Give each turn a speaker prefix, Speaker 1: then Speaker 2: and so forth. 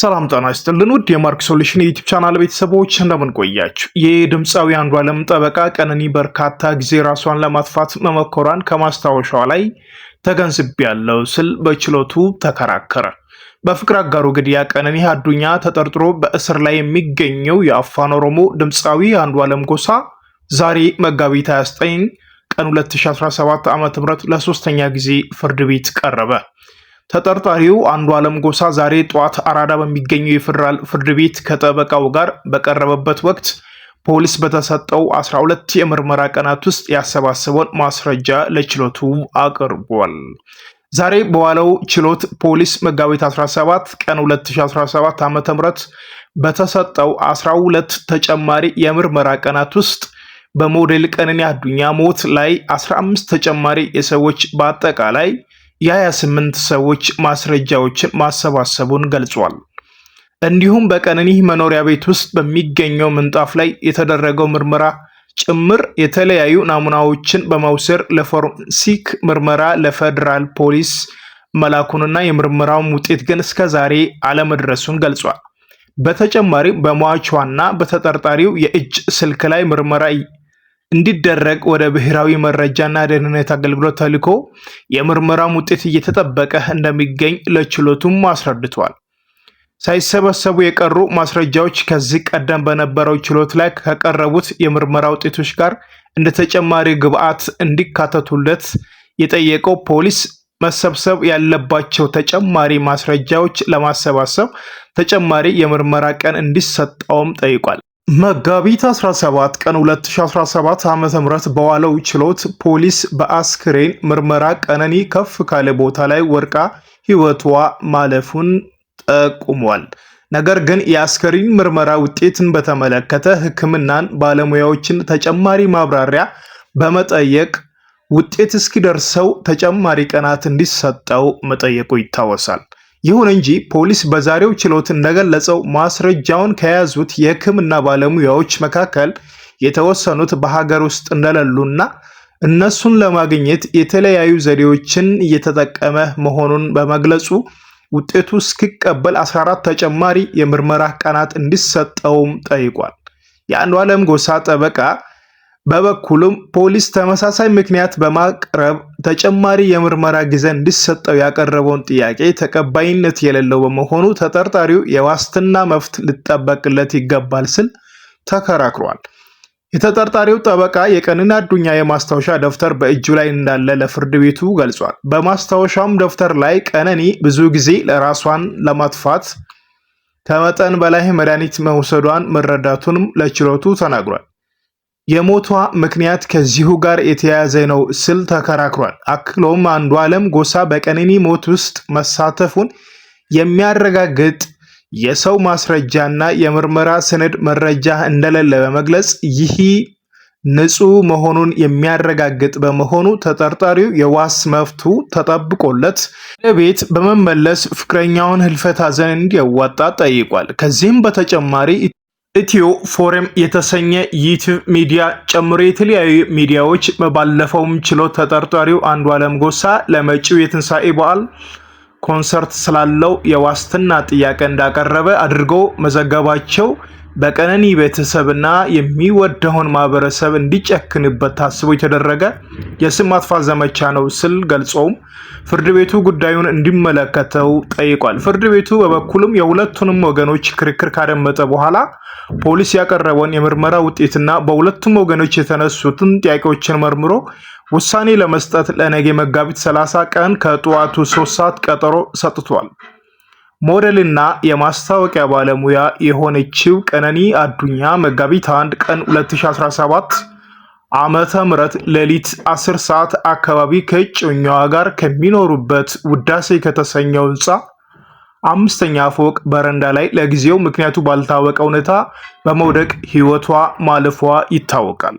Speaker 1: ሰላም ጠና ይስጥልን ውድ የማርክ ሶሉሽን የዩቲብ ቻናል ቤተሰቦች እንደምን ቆያችሁ? የድምፃዊ አለም ጠበቃ ቀነኒ በርካታ ጊዜ ራሷን ለማጥፋት መሞከሯን ከማስታወሻዋ ላይ ተገንዝቤያለሁ ስል በችሎቱ ተከራከረ። በፍቅር አጋሩ ግድያ ቀነኒ አዱኛ ተጠርጥሮ በእስር ላይ የሚገኘው የአፋን ኦሮሞ ድምፃዊ አለም ጎሳ ዛሬ መጋቢት 29 ቀን 2017 ዓ.ም ለሶስተኛ ጊዜ ፍርድ ቤት ቀረበ። ተጠርጣሪው አንዱ ዓለም ጎሳ ዛሬ ጠዋት አራዳ በሚገኘው የፌዴራል ፍርድ ቤት ከጠበቃው ጋር በቀረበበት ወቅት ፖሊስ በተሰጠው 12 የምርመራ ቀናት ውስጥ ያሰባሰበውን ማስረጃ ለችሎቱ አቅርቧል። ዛሬ በዋለው ችሎት ፖሊስ መጋቢት 17 ቀን 2017 ዓ.ም በተሰጠው 12 ተጨማሪ የምርመራ ቀናት ውስጥ በሞዴል ቀነኒ አዱኛ ሞት ላይ 15 ተጨማሪ የሰዎች በአጠቃላይ የ28 ሰዎች ማስረጃዎችን ማሰባሰቡን ገልጿል። እንዲሁም በቀነኒህ መኖሪያ ቤት ውስጥ በሚገኘው ምንጣፍ ላይ የተደረገው ምርመራ ጭምር የተለያዩ ናሙናዎችን በመውሰድ ለፎረንሲክ ምርመራ ለፌዴራል ፖሊስ መላኩንና የምርመራውን ውጤት ግን እስከ ዛሬ አለመድረሱን ገልጿል። በተጨማሪም በሟቿና በተጠርጣሪው የእጅ ስልክ ላይ ምርመራ እንዲደረግ ወደ ብሔራዊ መረጃና ደህንነት አገልግሎት ተልኮ የምርመራም ውጤት እየተጠበቀ እንደሚገኝ ለችሎቱም አስረድቷል። ሳይሰበሰቡ የቀሩ ማስረጃዎች ከዚህ ቀደም በነበረው ችሎት ላይ ከቀረቡት የምርመራ ውጤቶች ጋር እንደ ተጨማሪ ግብአት እንዲካተቱለት የጠየቀው ፖሊስ መሰብሰብ ያለባቸው ተጨማሪ ማስረጃዎች ለማሰባሰብ ተጨማሪ የምርመራ ቀን እንዲሰጠውም ጠይቋል። መጋቢት 17 ቀን 2017 ዓ ም በዋለው ችሎት ፖሊስ በአስክሬን ምርመራ ቀነኒ ከፍ ካለ ቦታ ላይ ወርቃ ህይወቷ ማለፉን ጠቁሟል። ነገር ግን የአስክሬን ምርመራ ውጤትን በተመለከተ ሕክምናን ባለሙያዎችን ተጨማሪ ማብራሪያ በመጠየቅ ውጤት እስኪደርሰው ተጨማሪ ቀናት እንዲሰጠው መጠየቁ ይታወሳል። ይሁን እንጂ ፖሊስ በዛሬው ችሎት እንደገለጸው ማስረጃውን ከያዙት የሕክምና ባለሙያዎች መካከል የተወሰኑት በሀገር ውስጥ እንደሌሉና እነሱን ለማግኘት የተለያዩ ዘዴዎችን እየተጠቀመ መሆኑን በመግለጹ ውጤቱ እስኪቀበል 14 ተጨማሪ የምርመራ ቀናት እንዲሰጠውም ጠይቋል። የአንዱዓለም ጎሳ ጠበቃ በበኩሉም ፖሊስ ተመሳሳይ ምክንያት በማቅረብ ተጨማሪ የምርመራ ጊዜ እንዲሰጠው ያቀረበውን ጥያቄ ተቀባይነት የሌለው በመሆኑ ተጠርጣሪው የዋስትና መብት ሊጠበቅለት ይገባል ስል ተከራክሯል። የተጠርጣሪው ጠበቃ የቀንና አዱኛ የማስታወሻ ደብተር በእጁ ላይ እንዳለ ለፍርድ ቤቱ ገልጿል። በማስታወሻውም ደብተር ላይ ቀነኒ ብዙ ጊዜ ለራሷን ለማጥፋት ከመጠን በላይ መድኃኒት መውሰዷን መረዳቱንም ለችሎቱ ተናግሯል። የሞቷ ምክንያት ከዚሁ ጋር የተያያዘ ነው ስል ተከራክሯል። አክሎም አንዱ ዓለም ጎሳ በቀነኒ ሞት ውስጥ መሳተፉን የሚያረጋግጥ የሰው ማስረጃና የምርመራ ሰነድ መረጃ እንደሌለ በመግለጽ ይህ ንጹህ መሆኑን የሚያረጋግጥ በመሆኑ ተጠርጣሪው የዋስ መብቱ ተጠብቆለት ቤት በመመለስ ፍቅረኛውን ህልፈት ሐዘን እንዲያዋጣ ጠይቋል። ከዚህም በተጨማሪ ኢትዮ ፎረም የተሰኘ ዩቲዩብ ሚዲያ ጨምሮ የተለያዩ ሚዲያዎች በባለፈውም ችሎት ተጠርጣሪው አንዱዓለም ጎሳ ለመጪው የትንሣኤ በዓል ኮንሰርት ስላለው የዋስትና ጥያቄ እንዳቀረበ አድርገው መዘገባቸው በቀነኒ ቤተሰብና የሚወደውን ማህበረሰብ እንዲጨክንበት ታስቦ የተደረገ የስም ማጥፋት ዘመቻ ነው ስል ገልጾውም ፍርድ ቤቱ ጉዳዩን እንዲመለከተው ጠይቋል። ፍርድ ቤቱ በበኩሉም የሁለቱንም ወገኖች ክርክር ካደመጠ በኋላ ፖሊስ ያቀረበውን የምርመራ ውጤትና በሁለቱም ወገኖች የተነሱትን ጥያቄዎችን መርምሮ ውሳኔ ለመስጠት ለነገ መጋቢት 30 ቀን ከጠዋቱ ሶስት ሰዓት ቀጠሮ ሰጥቷል። ሞዴልና የማስታወቂያ ባለሙያ የሆነችው ቀነኒ አዱኛ መጋቢት 1 ቀን 2017 ዓመተ ምህረት ሌሊት 10 ሰዓት አካባቢ ከእጮኛዋ ጋር ከሚኖሩበት ውዳሴ ከተሰኘው ህንፃ አምስተኛ ፎቅ በረንዳ ላይ ለጊዜው ምክንያቱ ባልታወቀ ሁኔታ በመውደቅ ህይወቷ ማለፏ ይታወቃል።